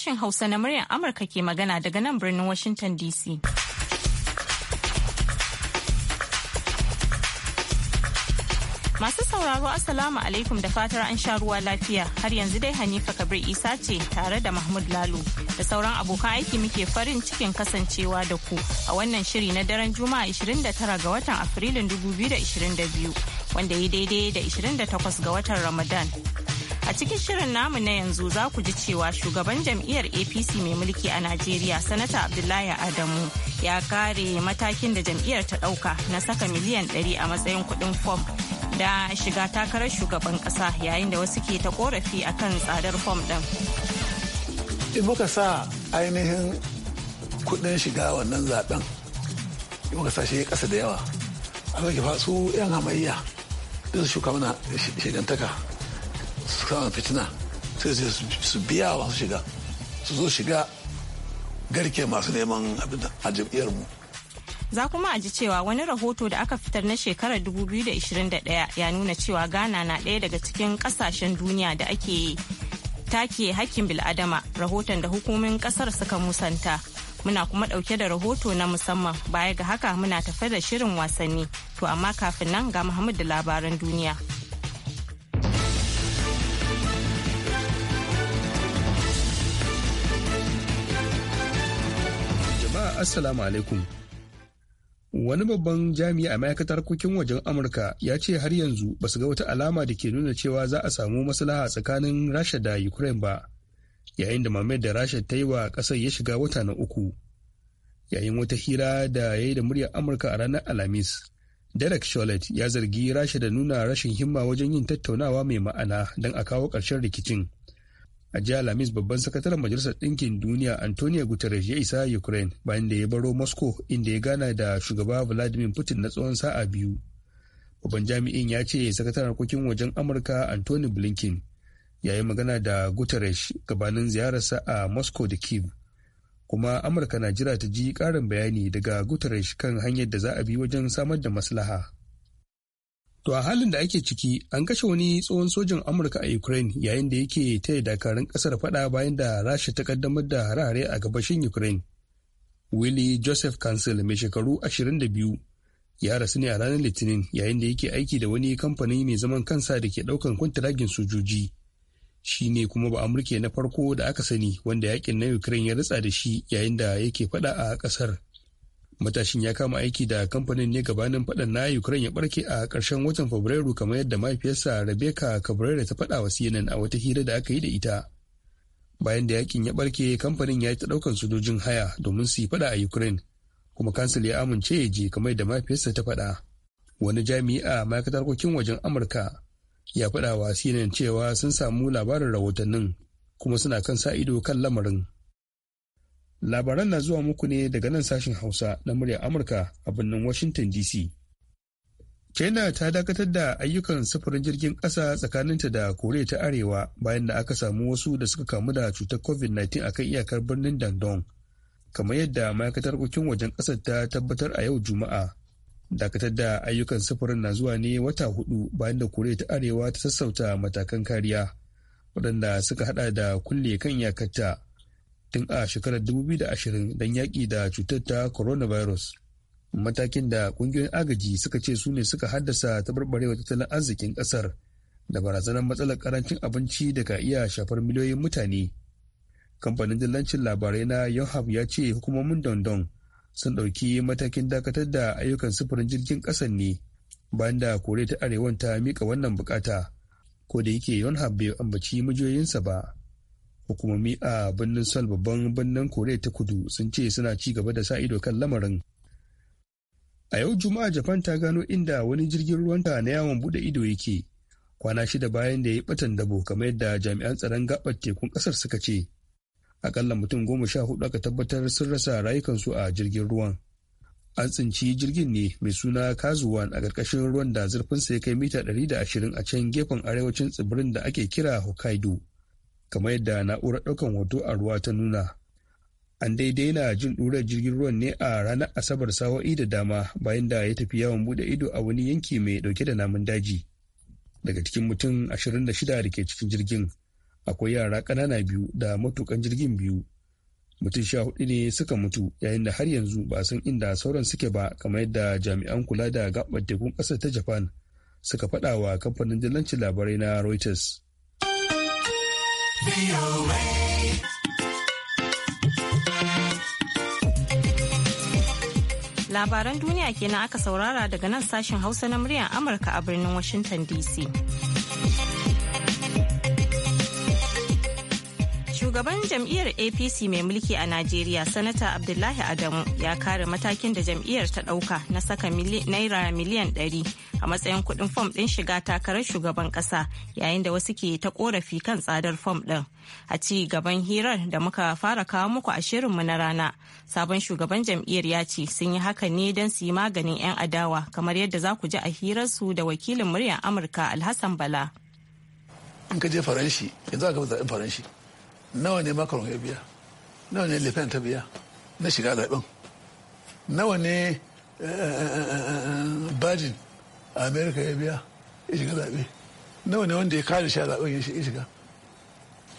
sashen Hausa na muryar Amurka ke magana daga nan birnin Washington DC. Masu sauraro Assalamu alaikum da fatar an sha ruwa lafiya har yanzu dai Hanifa Kabir Isa ce tare da Mahmud lalu da sauran abokan aiki muke farin cikin kasancewa da ku a wannan shiri na daren Juma'a 29 ga watan Afrilun 2022 wanda ya daidai da 28 ga watan Ramadan. A cikin shirin namu na yanzu za ku ji cewa shugaban jam'iyyar APC mai mulki a Najeriya Sanata Abdullahi Adamu ya kare matakin da jam'iyyar ta ɗauka na saka miliyan 100 a matsayin kuɗin fom da shiga takarar shugaban ƙasa yayin da wasu ke ta korafi akan tsadar fom ɗin. In muka sa ainihin kuɗin shiga wannan zaben, in muka sa shi ƙasa da yawa, a su 'yan hamayya, duk shigantaka. su fitina sai su biya su zo shiga garke masu neman abin a mu za kuma a ji cewa wani rahoto da aka fitar na shekarar 2021 ya nuna cewa ghana na ɗaya daga cikin ƙasashen duniya da ake take hakkin bil'adama rahoton da hukumin ƙasar suka musanta muna kuma ɗauke da rahoto na musamman baya ga haka muna tafe da shirin wasanni to amma kafin nan ga Muhammadu da labaran duniya. Assalamu alaikum. Wani babban jami'i a ma'aikatar harkokin wajen Amurka ya ce har yanzu ba su ga wata alama da ke nuna cewa za a samu maslaha tsakanin Rasha da Ukraine ba, yayin da mamayar da Rasha ta yi wa ƙasar ya shiga wata na uku. Yayin wata hira da ya yi da muryar Amurka a ranar Alhamis, Derek Chollet ya zargi Rasha da nuna rashin himma wajen yin tattaunawa mai ma'ana don a kawo ƙarshen rikicin. a jiya lamis babban sakataren majalisar ɗinkin duniya antonio guterres ya isa ukraine bayan da ya baro moscow inda ya gana da shugaba vladimir putin na tsawon sa'a biyu babban jami'in ya ce sakataren harkokin wajen amurka antony blinken ya yi magana da guterres gabanin ziyararsa a moscow da kiev kuma amurka na jira ta ji karin bayani daga guterres kan hanyar da za a bi wajen samar da maslaha To a halin da ake ciki an kashe wani tsohon sojin Amurka a Ukraine yayin da yake taya dakarun kasar fada bayan da Rasha ta kaddamar da harare a gabashin Ukraine. Willy Joseph Council mai shekaru 22 ya rasu ne a ranar Litinin yayin da yake aiki da wani kamfani mai zaman kansa da ke daukan kwantiragin sojoji. Shi ne kuma ba Amurka na farko da aka sani wanda yakin na Ukraine ya ritsa da shi yayin da yake fada a ƙasar. matashin ya kama aiki da kamfanin ne gabanin faɗan na ukraine ya barke a ƙarshen watan fabrairu kamar yadda mahaifiyarsa rebecca cabrera ta faɗa wa cnn a wata hira da aka yi da ita bayan da yakin ya barke kamfanin ya yi ta ɗaukan sojojin haya domin su yi faɗa a ukraine kuma kansil ya amince ya je kamar yadda mahaifiyarsa ta faɗa wani jami'i a ma'aikatar harkokin wajen amurka ya faɗa wa cnn cewa sun samu labarin rahotannin kuma suna kan sa ido kan lamarin Labaran na zuwa muku ne daga nan sashen Hausa na muryar Amurka a birnin Washington DC. China ta dakatar da ayyukan sufurin jirgin ƙasa tsakaninta da Koriya ta Arewa bayan da aka samu wasu da suka kamu da cutar COVID-19 akan iyakar birnin Dandong. Kamar yadda ma'aikatar harkokin wajen ƙasar ta tabbatar a yau Juma'a. Dakatar da ayyukan sufurin na zuwa ne wata hudu bayan da Koriya ta Arewa ta sassauta matakan kariya waɗanda suka hada da kulle kan iyakarta. tun a shekarar 2020 don yaƙi da cutar ta coronavirus matakin da ƙungiyoyin agaji suka ce su ne suka haddasa taɓarɓarewa tattalin arzikin ƙasar da barazanar matsalar karancin abinci da ka iya shafar miliyoyin mutane kamfanin dillancin labarai na yonhap ya ce hukumomin dondon sun ɗauki matakin dakatar da ayyukan sufurin jirgin ƙasan ne bayan da kore ta arewan ta mika wannan buƙata, ko da yake yonhap bai ambaci mijiyoyinsa ba hukumomi a birnin sal babban birnin koriya ta kudu sun ce suna ci gaba da sa ido kan lamarin a yau juma'a japan ta gano inda wani jirgin ruwan ta na yawon bude ido yake kwana shida bayan da ya yi batan dabo kamar yadda jami'an tsaron gabar tekun kasar suka ce akalla mutum goma sha hudu aka tabbatar sun rasa rayukansu a jirgin ruwan an tsinci jirgin ne mai suna kazuwan a ƙarƙashin ruwan da zurfinsa ya kai mita da ashirin a can gefen arewacin tsibirin da ake kira hokkaido kamar yadda na'urar ɗaukan hoto a ruwa ta nuna an daidai na jin ɗurar jirgin ruwan ne a ranar asabar sawa'i da dama bayan da ya tafi yawon buɗe ido a wani yanki mai ɗauke da namun daji daga cikin mutum 26 da ke cikin jirgin akwai yara ƙanana biyu da matukan jirgin biyu mutum sha hudu ne suka mutu yayin da har yanzu ba san inda sauran suke ba kamar yadda jami'an kula da gaɓar tekun ƙasar ta japan suka faɗa wa kamfanin dillancin labarai na reuters Labaran duniya kenan aka saurara daga nan sashen Hausa na muryar Amurka a birnin Washington DC. Shugaban jam'iyyar APC mai mulki a Najeriya, Sanata Abdullahi Adamu ya kare matakin da jam'iyyar ta ɗauka na saka naira miliyan 100 a matsayin kuɗin fom ɗin shiga takarar shugaban ƙasa yayin da wasu ke ta korafi kan tsadar fom ɗin. A ci gaban hirar da muka fara kawo muku a shirinmu na rana, sabon shugaban jam'iyyar ya ce sun yi haka ne don su yi maganin 'yan adawa kamar yadda za ku ji a hirarsu da wakilin muryar Amurka Alhassan Bala. In ka je Faranshi, yanzu aka faranshi. nawa ne macron ya biya nawa ne le pen ta biya na shiga zaben nawa ne eh, eh, eh, bajin a america ya biya ya shiga zaɓe nawa ne wanda ya kare shi a zaɓen ya shiga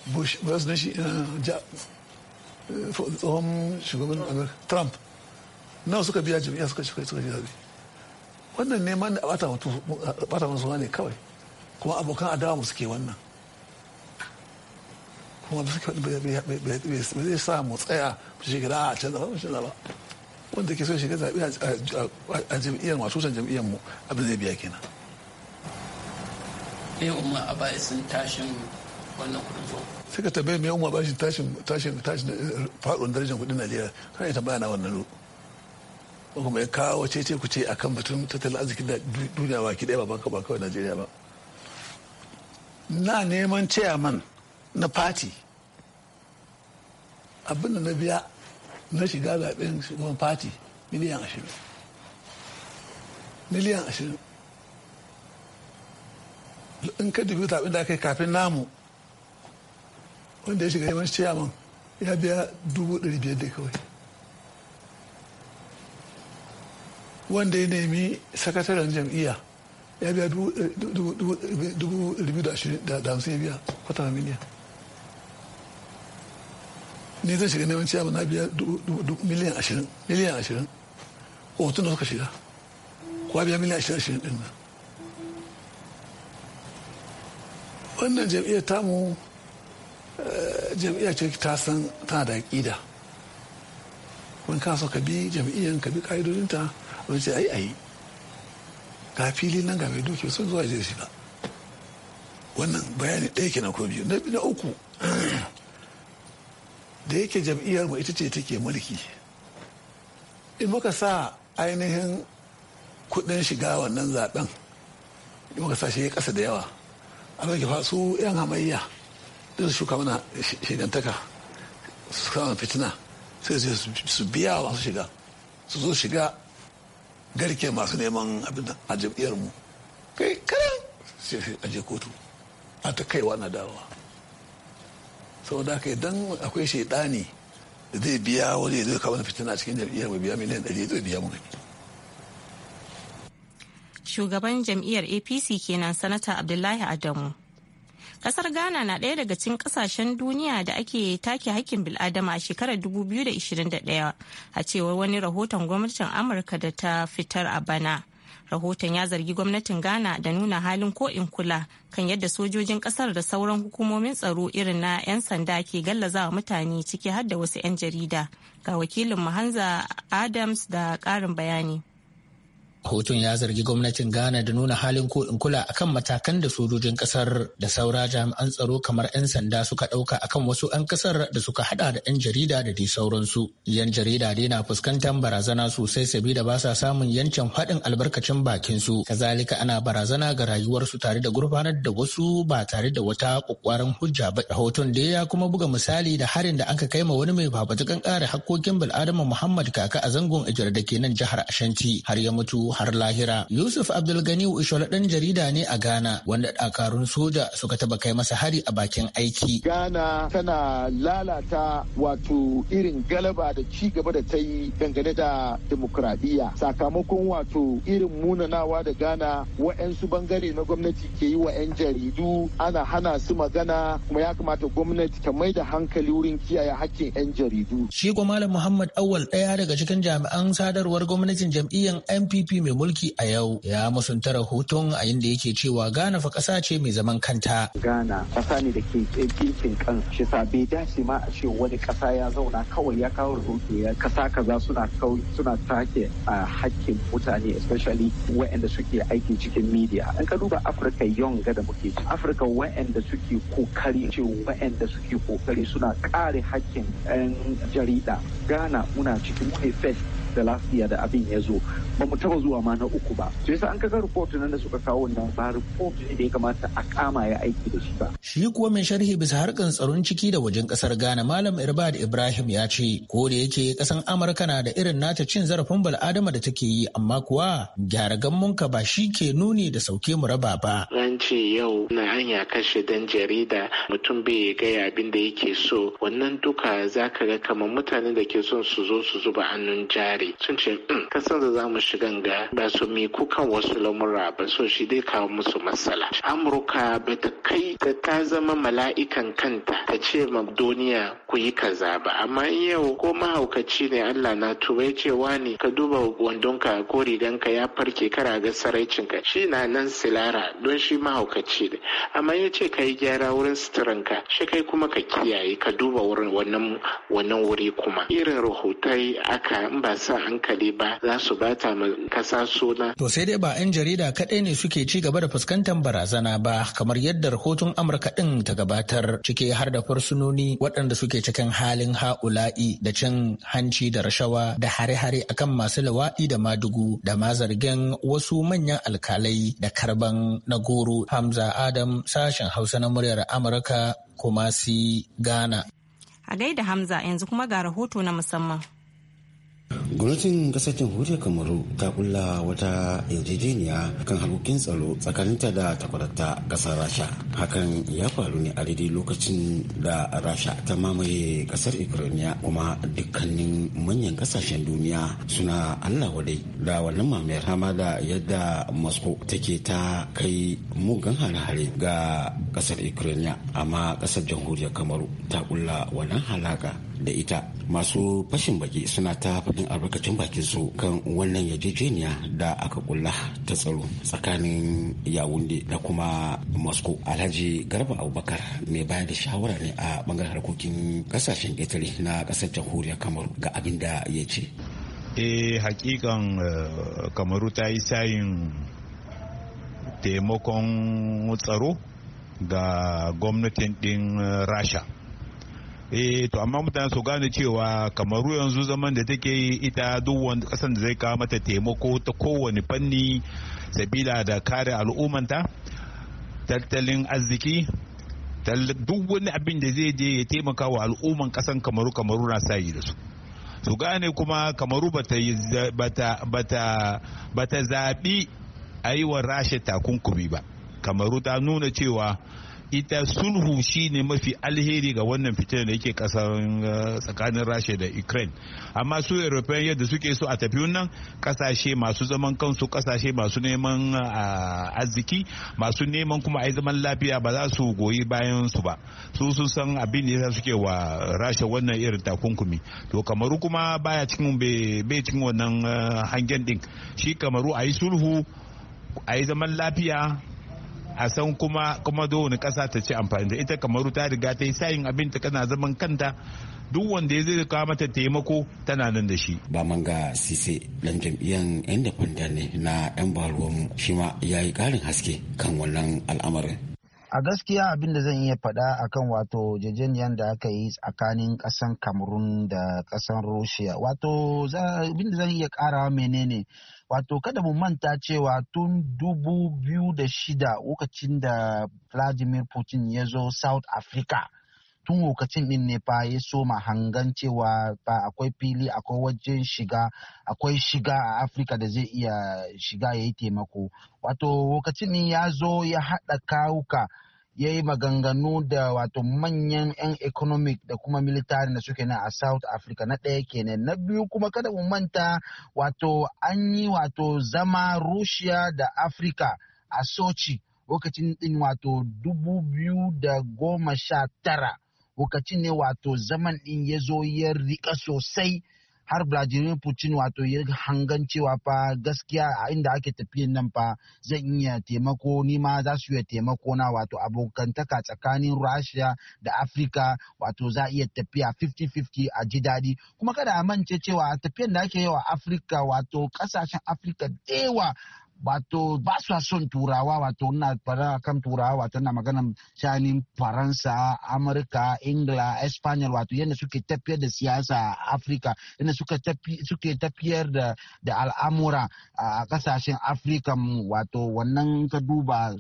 bush ba su na shi tsohon shugaban america trump nawa suka biya jami'a suka shiga suka shiga zaɓe wannan neman da a bata masu ne kawai kuma abokan adawa mu suke wannan wanda suka zai sa mu tsaya mu shiga a canza ba mu canza ba wanda ke so shiga zaɓe a jam'iyyar masu san jam'iyyar mu abin zai biya kenan. Me umma a baya sun tashin wannan kudin zo? Sai ka tambaye me umma bashi tashin tashin tashin eh, faɗuwar darajar kudin Najeriya kana ita tambaya na wannan ko Kuma ya kawo ce ku ce akan batun tattalin arzikin duniya ba ki ɗaya ba ba kawai Najeriya ba. Na neman man. na fati abinda na biya na shiga zaɓen shugaban fati miliyan ashirin miliyan ashirin in ka dubi zaɓen da aka yi kafin namu wanda ya shiga yawan ciyaman ya biya dubu ɗari biyar da kawai wanda ya nemi sakataren jam'iyya ya biya dubu ɗari biyu da da hamsin ya biya kwata miliyan ne zai shiga neman ciyaman na biya miliyan ashirin miliyan ashirin hoton da suka shiga kuwa biya miliyan ashirin ashirin din nan wannan jam'iyyar tamu eh, jam'iyyar ce ta san tana da ƙida kuma ka so ka bi jam'iyyar ka bi ƙa'idodinta a ce ai ai ga fili nan ga mai doki sun zuwa zai shiga wannan bayani ɗaya kenan ko biyu na uku da yake jam'iyyar mu ita ce take mulki in muka sa ainihin kudin shiga wannan zaben in muka sa shi kasa da yawa a zai fa su yan hamayya da su shuka mana shigantaka su kama fitina sai su biya masu shiga su zo shiga garke masu neman abin a jam'iyyar mu kai kare sai a je kotu a ta kaiwa na dawowa saboda haka idan akwai shaidani zai biya wani zai kawo na fitina cikin jam'iyyar mu biya miliyan ɗari zai biya mu shugaban jam'iyyar apc kenan sanata abdullahi adamu kasar ghana na ɗaya daga cikin ƙasashen duniya da ake take hakkin bil'adama a shekarar 2021 a cewar wani rahoton gwamnatin amurka da ta fitar a bana rahoton ya zargi gwamnatin ghana da nuna halin ko in kula kan yadda sojojin kasar da sauran hukumomin tsaro irin na 'yan sanda ke gallazawa mutane ciki har da wasu 'yan jarida ga wakilin mahanza adams da karin bayani Hoton ya zargi gwamnatin Ghana da nuna halin ko in kula akan matakan da sojojin kasar da saura jami'an tsaro kamar 'yan sanda suka ɗauka akan wasu 'yan kasar da suka haɗa da 'yan jarida da dai sauransu. 'Yan jarida dai na fuskantar barazana sosai sabida ba sa samun yancin faɗin albarkacin bakinsu. su. Kazalika ana barazana ga rayuwarsu tare da gurfanar da wasu ba tare da wata kwakwaran hujja ba. Hoton dai ya kuma buga misali da harin da aka kai ma wani mai babatukan kare hakkokin bil'adama Muhammad Kaka a zangon Ijar da ke nan jihar Ashanti har ya mutu har lahira. Yusuf Abdulgani Ushola ɗan jarida ne a Ghana wanda dakarun soja suka taba kai masa hari a bakin aiki. Ghana tana lalata wato irin galaba da ci gaba da ta yi dangane da demokuraɗiyya sakamakon wato irin munanawa da Ghana wa'yansu bangare na gwamnati ke yi wa 'yan jaridu ana hana su magana kuma ya kamata gwamnati ta mai da hankali wurin kiyaye hakkin 'yan jaridu. Shi Malam Muhammad Awal ɗaya daga cikin jami'an sadarwar gwamnatin jam'iyyar NPP mai mulki a yau ya musunta rahoton a inda yake cewa Ghana fa ƙasa ce mai zaman kanta. Ghana ƙasa ne da ke kinkin kan shi sa bai dace ma a ce wani ƙasa ya zauna kawai ya kawo rahoto ya ƙasa kaza suna suna take a hakkin mutane especially waɗanda suke aiki cikin media. an ka duba Afirka yon ga da muke Afirka waɗanda suke kokari ce waɗanda suke kokari suna kare hakkin 'yan jarida. Ghana muna cikin mu ne da lafiya da abin ya zo ba mu taba zuwa ma na uku ba to yasa an kaga report nan da suka kawo wannan ba report ne da ya kamata a kama ya aiki da shi ba shi kuwa mai sharhi bisa harkan tsaron ciki da wajen kasar Ghana malam Irbad Ibrahim ya ce ko da yake kasan Amurka na da irin nata cin zarafin bal'adama da take yi amma kuwa gyara ka ba shi ke nuni da sauke mu raba ba an ce yau na hanya kashe dan jarida mutum bai gaya abin da yake so wannan duka zaka ga kamar mutanen da ke son su zo su zuba hannun jari tare sun ce hmm, san da za mu shigan ga ba su mi kukan wasu lamura ba so shi dai kawo musu matsala amurka ba ta kai ta zama mala'ikan kanta ta ce ma duniya ku yi kaza ba amma in yau ko mahaukaci ne allah na tuba ya ce ne ka duba wandonka ko riganka ya farke kara ga saraicinka shi na nan silara don shi mahaukaci ne amma ya ce ka yi gyara wurin suturanka shi kai kuma ka kiyaye ka duba wurin wannan wuri kuma irin rahotai aka in ba sa hankali ba za su bata ma kasa suna. To sai dai ba 'yan jarida kaɗai ne suke ci gaba da fuskantar barazana ba kamar yadda rahoton Amurka ɗin ta gabatar cike har da fursunoni waɗanda suke cikin halin ha'ula'i da cin hanci da rashawa da hare-hare akan masu lawa'i da madugu da ma zargin wasu manyan alkalai da karban na goro Hamza Adam sashen Hausa na muryar Amurka kumasi si Ghana. A gaida Hamza yanzu kuma ga rahoto na musamman. gwamnatin kasar jamhuriyar kamaru ta kulla wata yarjejeniya kan harkokin tsaro tsakaninta da takwarata kasar rasha hakan ya faru ne a daidai lokacin da rasha ta mamaye kasar ukraine kuma dukkanin manyan kasashen duniya suna allah wadai da wannan mamayar hama da yadda moscow take ta kai mugan hare-hare ga kasar ukraine amma kasar jamhuriyar kamaru ta kulla wannan halaka da ita masu fashin baki suna ta faɗin albarkacin bakin su kan wannan yarjejeniya da aka kulla ta tsaro tsakanin yawunde da kuma moscow alhaji garba abubakar mai bayar da shawara ne a bangaren harkokin kasashen italy na ƙasar jamhuriyar kamaru ga abin da ya ce e hakikan eh, kamaru ta yi sayin taimakon tsaro ga gwamnatin ɗin eh, rasha eh to amma mutane su gane cewa kamaru yanzu zaman da take yi ita duk wani kasan da zai kawo mata taimako ta kowane fanni sabila da kare al'ummanta tattalin arziki duk wani abin da zai je ya taimaka wa al'umman kasan kamaru kamaru na sayi da su su gane kuma kamaru bata zaɓi a yi wa rasha takunkumi ba kamaru ta nuna cewa ita sulhu shine mafi alheri ga wannan fitina da yake kasar uh, tsakanin rasha da ukraine amma su european yadda suke so a tafi wannan kasashe masu zaman kansu kasashe masu neman uh, arziki masu neman kuma yi zaman lafiya ba za su goyi bayan su ba su sun san abin da yasa suke wa rasha wannan irin takunkumi to kamaru kuma baya cikin bai cikin wannan uh, hangen din shi kamaru a yi sulhu a yi zaman lafiya a san kuma kuma wani kasa ta ci amfani da ita kamaru ta riga ta yi sayin abin ta kana zaman kanta duk wanda ya zai kawo mata taimako tana nan da shi. Ba ga sise dan jam'iyyar independent ne na 'yan baruwan shi ma ya yi karin haske kan wannan al'amarin. A gaskiya abin da zan iya faɗa akan wato jejeniyar da aka yi tsakanin ƙasan kamerun da ƙasan Russia wato abin da zan iya ƙarawa menene wato kada mu manta cewa tun dubu biyu da shida lokacin da vladimir putin ya zo south africa tun lokacin din ne fa ya soma hangan cewa ba akwai fili akwai wajen shiga akwai shiga a afirka da zai iya shiga ya yi taimako wato lokacin ne ya zo ya haɗa kawuka ya yi maganganu da wato manyan 'yan economic da kuma military da suke na a south africa na ɗaya kenan na biyu kuma kada mu manta wato an yi wato zama russia da africa a sochi lokacin ɗin wato dubu biyu da goma sha tara lokacin ne wato zaman ɗin ya zo ya riƙa sosai har Vladimir Putin wato ya hangan cewa fa gaskiya a inda ake tafiya nan fa zan iya taimako ni ma za su iya taimako na wato abokantaka tsakanin Russia da Africa wato za iya tafiya 50-50 a ji daɗi kuma kada a mance cewa tafiyan da ake yi wa Africa wato kasashen Africa da wato ba su son turawa wato na fara kan turawa wato na maganan shanin faransa amurka ingila espanyol wato yadda suke tafiyar da siyasa a afirka yadda suke tafiyar da al'amura a kasashen afirka wato wannan ka duba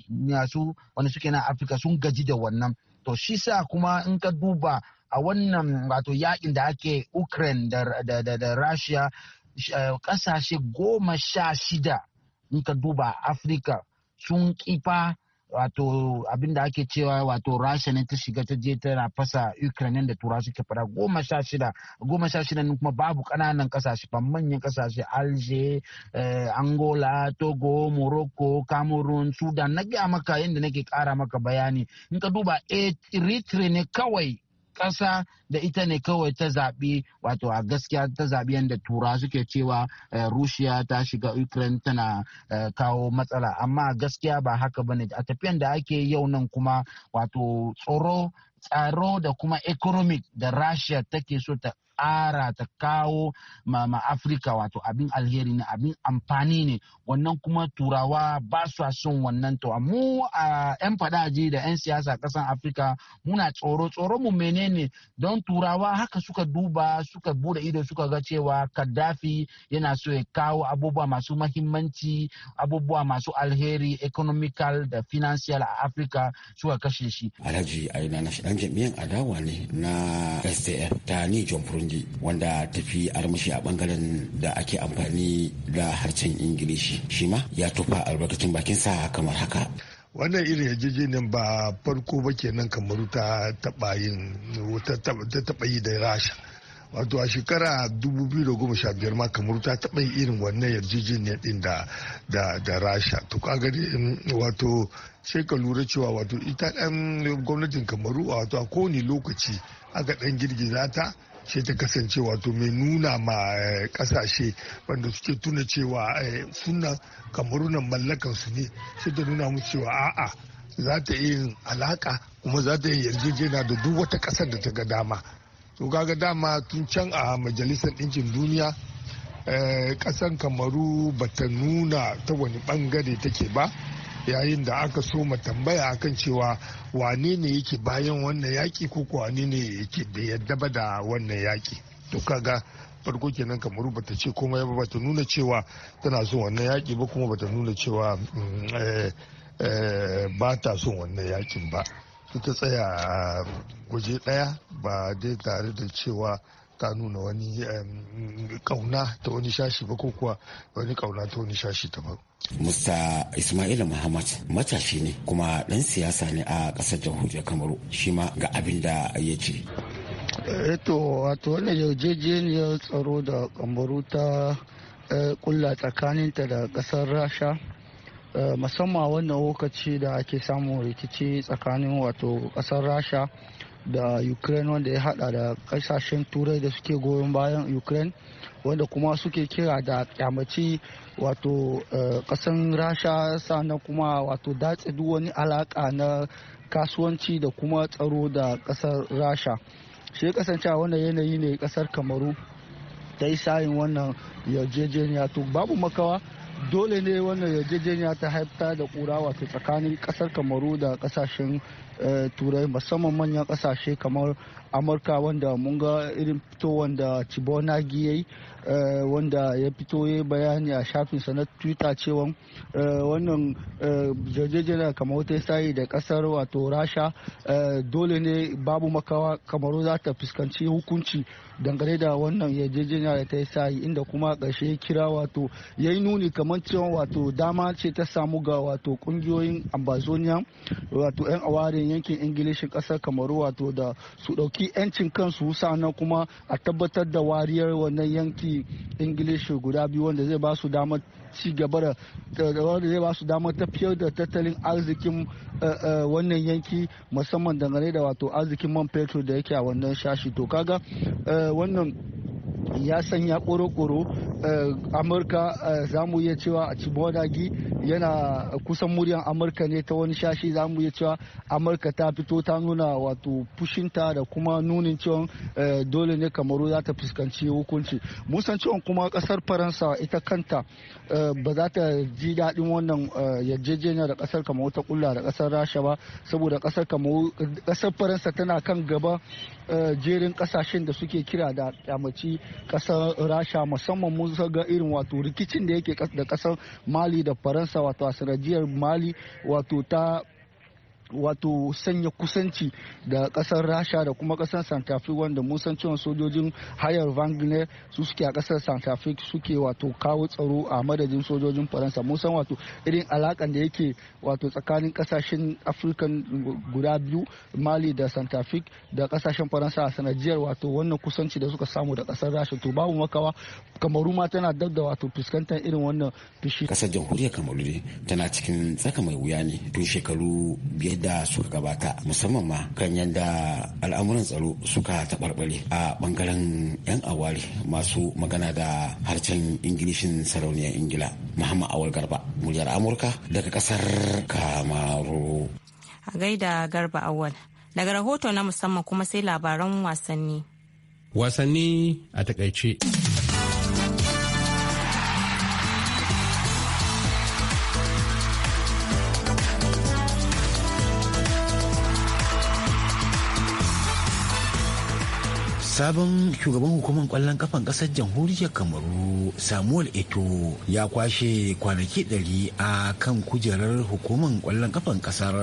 su wanda suke na afirka sun gaji da wannan to shi sa kuma in ka duba a wannan wato yakin da ake ukraine da da da rasha kasashe goma sha shida in ka duba afirka sun kifa wato abin da ake cewa wato rasha ne ta shiga ta je tana fasa ukraine da tura suke fara goma sha shida goma sha shida ne kuma babu kananan kasashe ba manyan kasashe alje eh, angola togo morocco cameroon sudan na gaya maka yadda nake kara maka bayani in ka duba eh, eritrea ne kawai ƙasa da ita ne kawai ta zaɓi wato a gaskiya ta zaɓi yadda tura suke cewa eh, rushiya ta shiga ukraine tana eh, kawo matsala amma gaskiya ba haka bane a tafiyan da ake yau nan kuma wato tsoro tsaro da kuma economic da rasha take so ta ƙara ta kawo ma, Afirka wato abin alheri ne abin amfani ne wannan kuma turawa ba su son wannan to mu a 'yan fadaje da 'yan siyasa ƙasan Afirka muna tsoro tsoro mu menene don turawa haka suka duba suka bude ido suka ga cewa Kaddafi yana so ya kawo abubuwa masu mahimmanci abubuwa masu alheri economical da financial a Afirka suka kashe shi. Alhaji Aina na shi dan jami'an adawa ne na STF ta ni John Burundi wanda tafi armashi a bangaren da ake amfani da harshen Ingilishi shi ma ya tufa albarkacin sa kamar haka. wannan irin yarjejeniyar ba farko ba kenan kamar ta taɓa yin ta taɓa yi da rasha wato a shekara 2015 ma kamar ta taɓa irin wannan yarjejeniyar ɗin da da rasha to kaga wato sai ka lura cewa wato ita ɗan gwamnatin kamaru wato a kowane lokaci aka ɗan girgiza ta sai ta kasance wato mai nuna ma kasashe eh, wanda suke tuna cewa eh, sunan kamarunan mallakan su ne sai ta nuna musu cewa a'a za ta yi alaka kuma za ta yi yarjejena da duk wata kasar da ta ga dama to kaga dama tun can a majalisar ɗinkin duniya kasan eh, kamaru ba ta nuna ta wani bangare take ba yayin da aka so ma tambaya kan cewa wane ne yake bayan wannan yaƙi ko wane ne yake da yadda ba da wannan yaƙi to kaga farko kenan kamaru bata ce kuma ba bata nuna cewa tana son wannan yaƙi ba kuma bata nuna cewa mm, eh, eh, ba ta son wannan yaƙin ba ta tsaya ah, gwaje ɗaya ba dai tare da cewa ta nuna wani kauna ta wani shashi ba ko kuwa wani kauna ta wani shashi ta ba. Musta Ismail Muhammad matashi ne kuma ɗan siyasa ne a ƙasar jamhuriyar Kamaru shi ma ga abin da ya ce. Eto eh, wato wannan yarjejeniyar tsaro da Kamaru ta kulla eh, tsakaninta da kasar Rasha eh, musamman wannan lokaci da ake samun rikici tsakanin wato ƙasar Rasha da ukraine wanda ya hada da kasashen turai da suke goyon bayan ukraine wanda kuma suke kira da kyamaci wato eh, kasan rasha sannan kuma wato datse duk wani alaka na kasuwanci da kuma tsaro da kasar rasha shi kasancewa wannan yanayi ne kasar kamaru ta yi sayin wannan yarjejeniya to babu makawa dole ne wannan yarjejeniya ta haifta da kura wato tsakanin kasar kamaru da kasashen eh, turai musamman manyan kasashe kamar amurka wanda mun ga irin fito wanda cibona giyai eh, wanda ya fito ya bayani a shafinsa na twitter cewa eh, wannan eh, jarjejena kamar wata sayi da kasar wato rasha dole ne babu makawa kamaru za ta fuskanci hukunci dangane da wannan jirgin da ta sayi inda kuma ya kira wato ya yi nuni kamar cewa wato dama ce ta samu ga wato kungiyoyin ambazonia wato 'yan awarin yankin ingilishin kasar kamaru wato da su dauki. yanki 'yancin kansu na kuma a tabbatar da wariyar wannan yanki ingilishi guda biyu wanda zai ba su damar ci gaba da zai ba su damar tafiyar da tattalin arzikin eh, eh, wannan yanki musamman dangane da wato arzikin man fetur da yake a wannan shashi to kaga eh, wannan ya sanya koro-koro eh, amurka eh, za mu iya cewa a cibodagi yana kusan muryan amurka ne ta wani shashi za mu iya cewa amurka ta fito ta nuna wato fushinta da kuma nunin cewa eh, dole ne kamaru za ta fuskanci hukunci musan cewa kuma kasar faransa ita kanta ba za ta ji daɗin wannan yarjejeniya da kasar kamaru ta kulla da kasar rasha ba saboda kasar kamaru kasar faransa tana kan gaba jerin kasashen da suke kira da kyamaci kasar rasha musamman mun ga irin wato rikicin da yake da kasar mali da faransa wato a sanajiyar mali wato ta wato sanya kusanci da kasar rasha da kuma kasar santa fe wanda mun cewa sojojin hayar wagner su suke a kasar santa fe suke wato kawo tsaro a madadin sojojin faransa mun wato irin alakan da yake wato tsakanin kasashen afirkan guda biyu mali da santa fe da kasashen faransa a sanajiyar wato wannan kusanci da suka samu da kasar rasha to babu makawa kamaru ma tana dab da wato fuskantar irin wannan fushi kasar jamhuriyar kamaru tana cikin tsaka mai wuya ne tun shekaru biyar da suka gabata musamman ma kan yadda al'amuran tsaro suka taɓarɓare a ɓangaren 'yan awari masu magana da harshen ingilishin sarauniyar ingila muhammad awal garba muryar amurka daga ƙasar kamaru a gaida garba awal daga rahoto na musamman kuma sai labaran wasanni wasanni a takaice sabon shugaban hukumar kwallon kafan kasar jamhuriyar kamaru samuel eto ya kwashe kwanaki ɗari a kan kujerar hukumar kwallon kafan kasar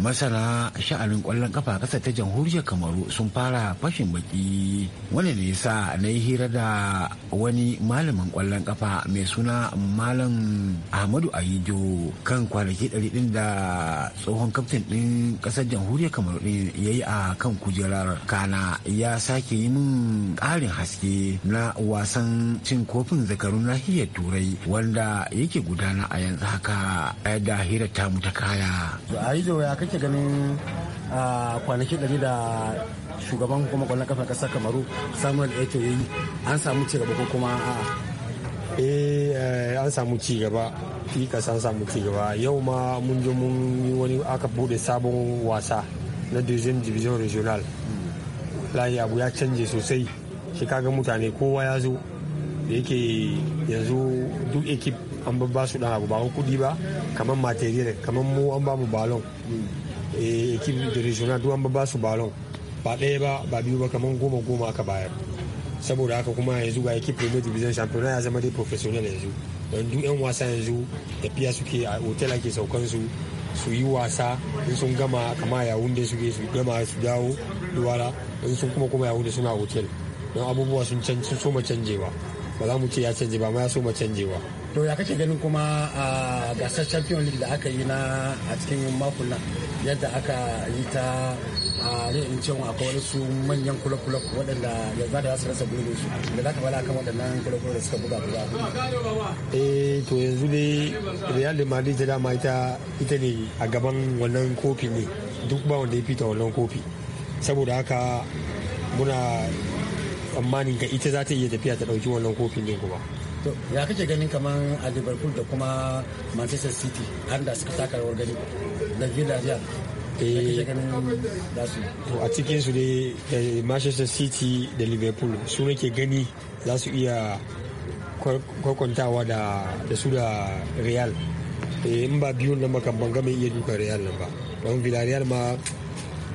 masana sha'anin kwallon kafa kasar ta jamhuriyar kamaru sun fara fashin baki wani ne yasa na yi hira da wani malamin kwallon kafa mai suna malam ahmadu ayijo kan kwanaki ɗari ɗin da tsohon kaftin ɗin kasar jamhuriyar kamaru ɗin ya yi a kan kujerar kana ya sake yin mun karin haske na wasan cin kofin zakarun nahiyar turai wanda yake gudana a yanzu haka da hira ta mu ta kaya. a yi ya kake ganin kwanaki ɗari da shugaban hukumar kwanan kafin ƙasar kamaru samuel eto ya yi an samu ci gaba ko kuma a eh, eh, an samu ci gaba fikas an samu ci gaba yau ma mun ji mun yi wani aka bude sabon wasa na division regional lahi abu ya canje sosai shi kaga mutane kowa ya zo da yake yanzu duk ekip an babba su dan abu ba kuɗi ba kamar material kamar mu an ba balon eh, ekip da regional duk an babba su balon ba ɗaya ba ba biyu ba kamar goma goma aka bayar saboda haka kuma yanzu ga ekip premier division champion ya zama dai professional yanzu don duk yan wasa yanzu tafiya suke a otel ake saukan su su yi wasa in sun gama kama yawun da su gama su dawo duwala in sun kuma kuma yawun da suna hotel don abubuwa sun canci soma canjewa ba za mu ce ya canje ba ma ya soma canjewa to ya kake ganin kuma a gasar champion league da aka yi na a cikin makon nan yadda aka yi ta a zai in cewa akwai wasu manyan kula-kula waɗanda za da su rasa gudu su da za ka bala kan waɗannan kula-kula da suka buga buga eh to yanzu ne real da madrid ta dama ita ita ne a gaban wannan kofi ne duk ba wanda ya fita wannan kofi saboda haka muna tsammanin ka ita za ta iya tafiya ta ɗauki wannan kofin ne kuma ya kake ganin kamar a liverpool da kuma manchester city har da suka taka rawar gani na villarreal Eh, to a cikin su dai da eh, manchester city da liverpool su ke gani za su iya kwakwantawa da su da real eh, in ba biyun nan makan banga mai iya duka real nan ba don villarreal ma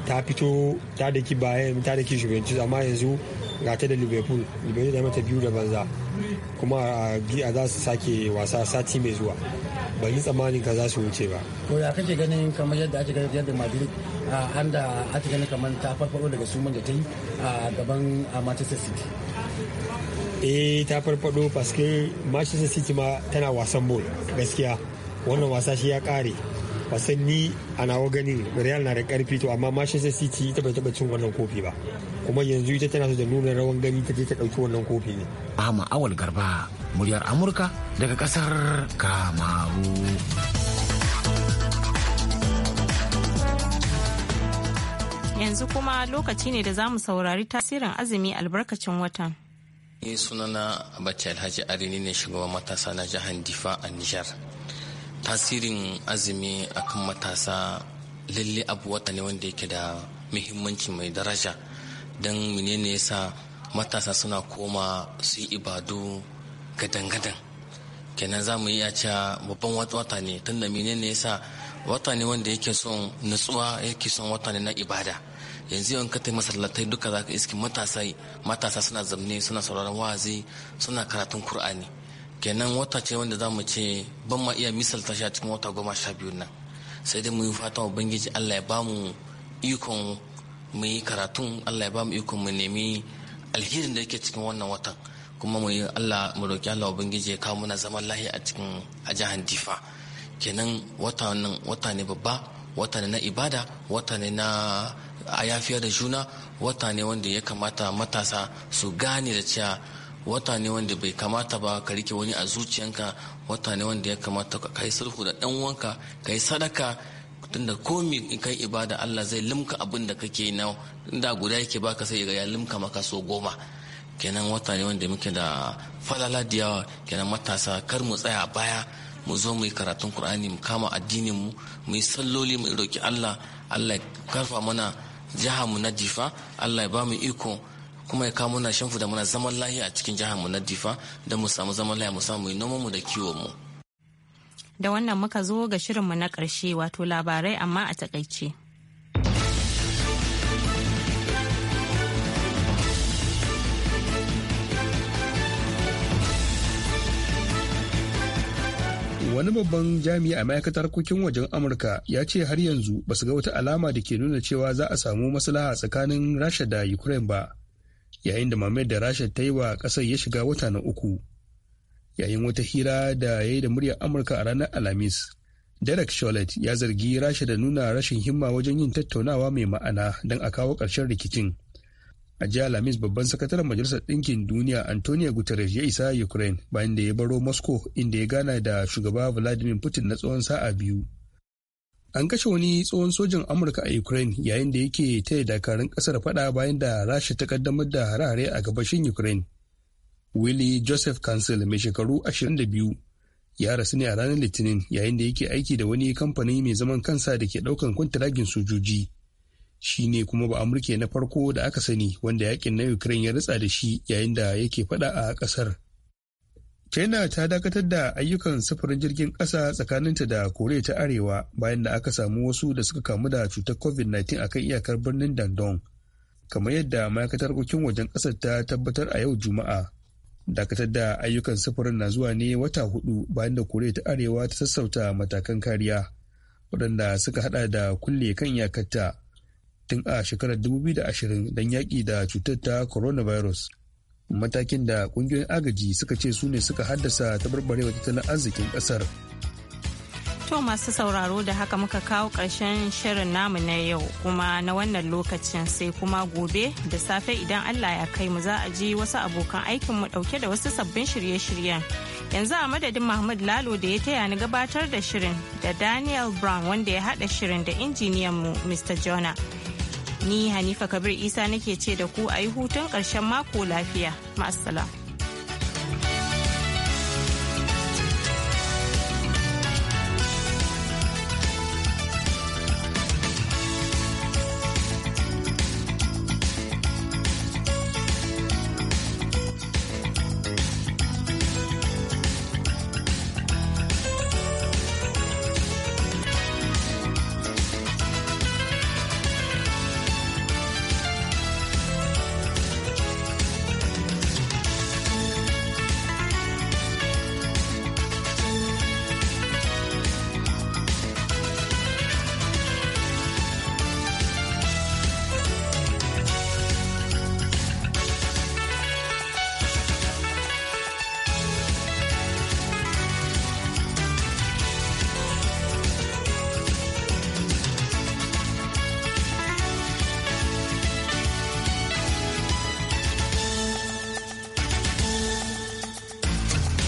ta fito ta da bayan ta da juventus amma yanzu ga ta da liverpool liverpool da mata biyu da banza kuma a za su sake wasa sati mai zuwa ban yi tsammanin ka za su wuce ba ko ya kake ganin kamar yadda ake ganin yadda madrid a da ake ganin kamar ta farfado daga suman da ta yi a gaban manchester city eh ta farfado paske manchester city ma tana wasan ball gaskiya wannan wasa shi ya kare wasanni a nawa ganin real na da karfi to amma manchester city ita bai taba cin wannan kofi ba kuma yanzu ita tana da nuna rawan gani ta je ta ɗauki wannan kofi ne. Ahmad Awal Garba muryar Amurka daga ƙasar Kamaru. yanzu kuma lokaci ne da za mu saurari tasirin azumi albarkacin watan. Ni sunana Abacha Alhaji Arini ne shugaban matasa na jihar Difa a Nijar. Tasirin azumi akan matasa lalle abu wata ne wanda yake da muhimmanci mai daraja. don menene yasa matasa suna koma su yi ibadu gadan-gadan kenan za mu iya cewa babban wata ne tunda menene yasa wata ne wanda yake son nutsuwa yake son wata ne na ibada yanzu yawan ka masallatai duka za ka iski matasa matasa suna zamne suna sauraron wazi suna karatun kur'ani kenan wata ce wanda za mu ce ban ma iya misalta shi a cikin wata goma sha biyu nan sai dai mu yi fatan ubangiji allah ya bamu ikon mu yi karatun allah ya ba mu ikon mu nemi alherin da yake cikin wannan watan kuma mu yi allah mu roki allah ubangiji ya kawo muna zaman lahiya a cikin a jihar difa kenan wata wata ne babba wata ne na ibada wata ne na a yafiya da juna wata ne wanda ya kamata matasa su gane da cewa wata ne wanda bai kamata ba ka rike wani a zuciyanka wata ne wanda ya kamata ka yi sulhu da ɗan wanka ka yi sadaka tunda komi kai ibada Allah zai limka abin da kake na da guda yake baka sai ya limka maka so goma kenan wata ne wanda muke da falala da yawa kenan matasa kar mu tsaya baya mu zo mu yi karatun Qur'ani mu kama addinin mu mu yi salloli mu roki Allah Allah ya karfa mana jiha mu na difa Allah ya ba mu iko kuma ya kawo na shanfu da mana zaman lahiya a cikin jihar mu na difa don mu samu zaman lahiya mu samu noman mu da kiwon mu da wannan muka zo ga shirinmu na ƙarshe wato labarai amma a takaice. wani babban jami'i a ma'aikatar harkokin wajen amurka ya ce har yanzu ba su ga wata alama da ke nuna cewa za a samu maslaha tsakanin rasha da ukraine ba yayin da mamayar da rasha ta yi wa kasar ya shiga wata na uku yayin wata hira da ya yi da muryar amurka a ranar alhamis derek charlotte ya zargi rasha da nuna rashin himma wajen yin tattaunawa mai ma'ana don a kawo ƙarshen rikicin a jiya alhamis babban sakataren majalisar ɗinkin duniya antonio guterres ya isa ukraine bayan da ya baro moscow inda ya gana da shugaba vladimir putin na tsawon sa'a biyu an kashe wani tsohon sojin amurka a ukraine yayin da yake taya dakarun ƙasar faɗa bayan da rasha ta kaddamar da hare-hare a gabashin ukraine willy joseph council mai shekaru 22 ya rasu ne a ranar litinin yayin da yake aiki da wani kamfani mai zaman kansa da ke daukan kwantiragin sojoji shi ne kuma ba amurke na farko da aka sani wanda yakin na ukraine ya ritsa da shi yayin da yake fada a kasar china ta dakatar da ayyukan sufurin jirgin ƙasa tsakaninta da koriya ta arewa bayan da aka samu wasu da suka kamu da cutar covid-19 a kan iyakar birnin dandong kamar yadda ma'aikatar harkokin wajen ƙasar ta tabbatar a yau juma'a dakatar da ayyukan sufurin na zuwa ne wata hudu bayan da koriya ta arewa ta sassauta matakan kariya waɗanda suka hada da kulle kan iyakarta tun a shekarar 2020 don yaƙi da cutar ta coronavirus matakin da ƙungiyoyin agaji suka ce su ne suka haddasa ta barbarewa tattalin arzikin ƙasar To masu sauraro da haka muka kawo ƙarshen shirin namu na yau kuma na wannan lokacin sai kuma gobe da safe idan Allah ya kai mu za a ji wasu abokan aikin mu ɗauke da wasu sabbin shirye-shiryen. Yanzu a madadin Mahmud Lalo da ya taya ni gabatar da shirin da Daniel Brown wanda ya haɗa shirin da injiniyan mu Mr. Jonah. Ni Hanifa Kabir Isa nake ce da ku a yi hutun ƙarshen mako lafiya. Ma'assalam.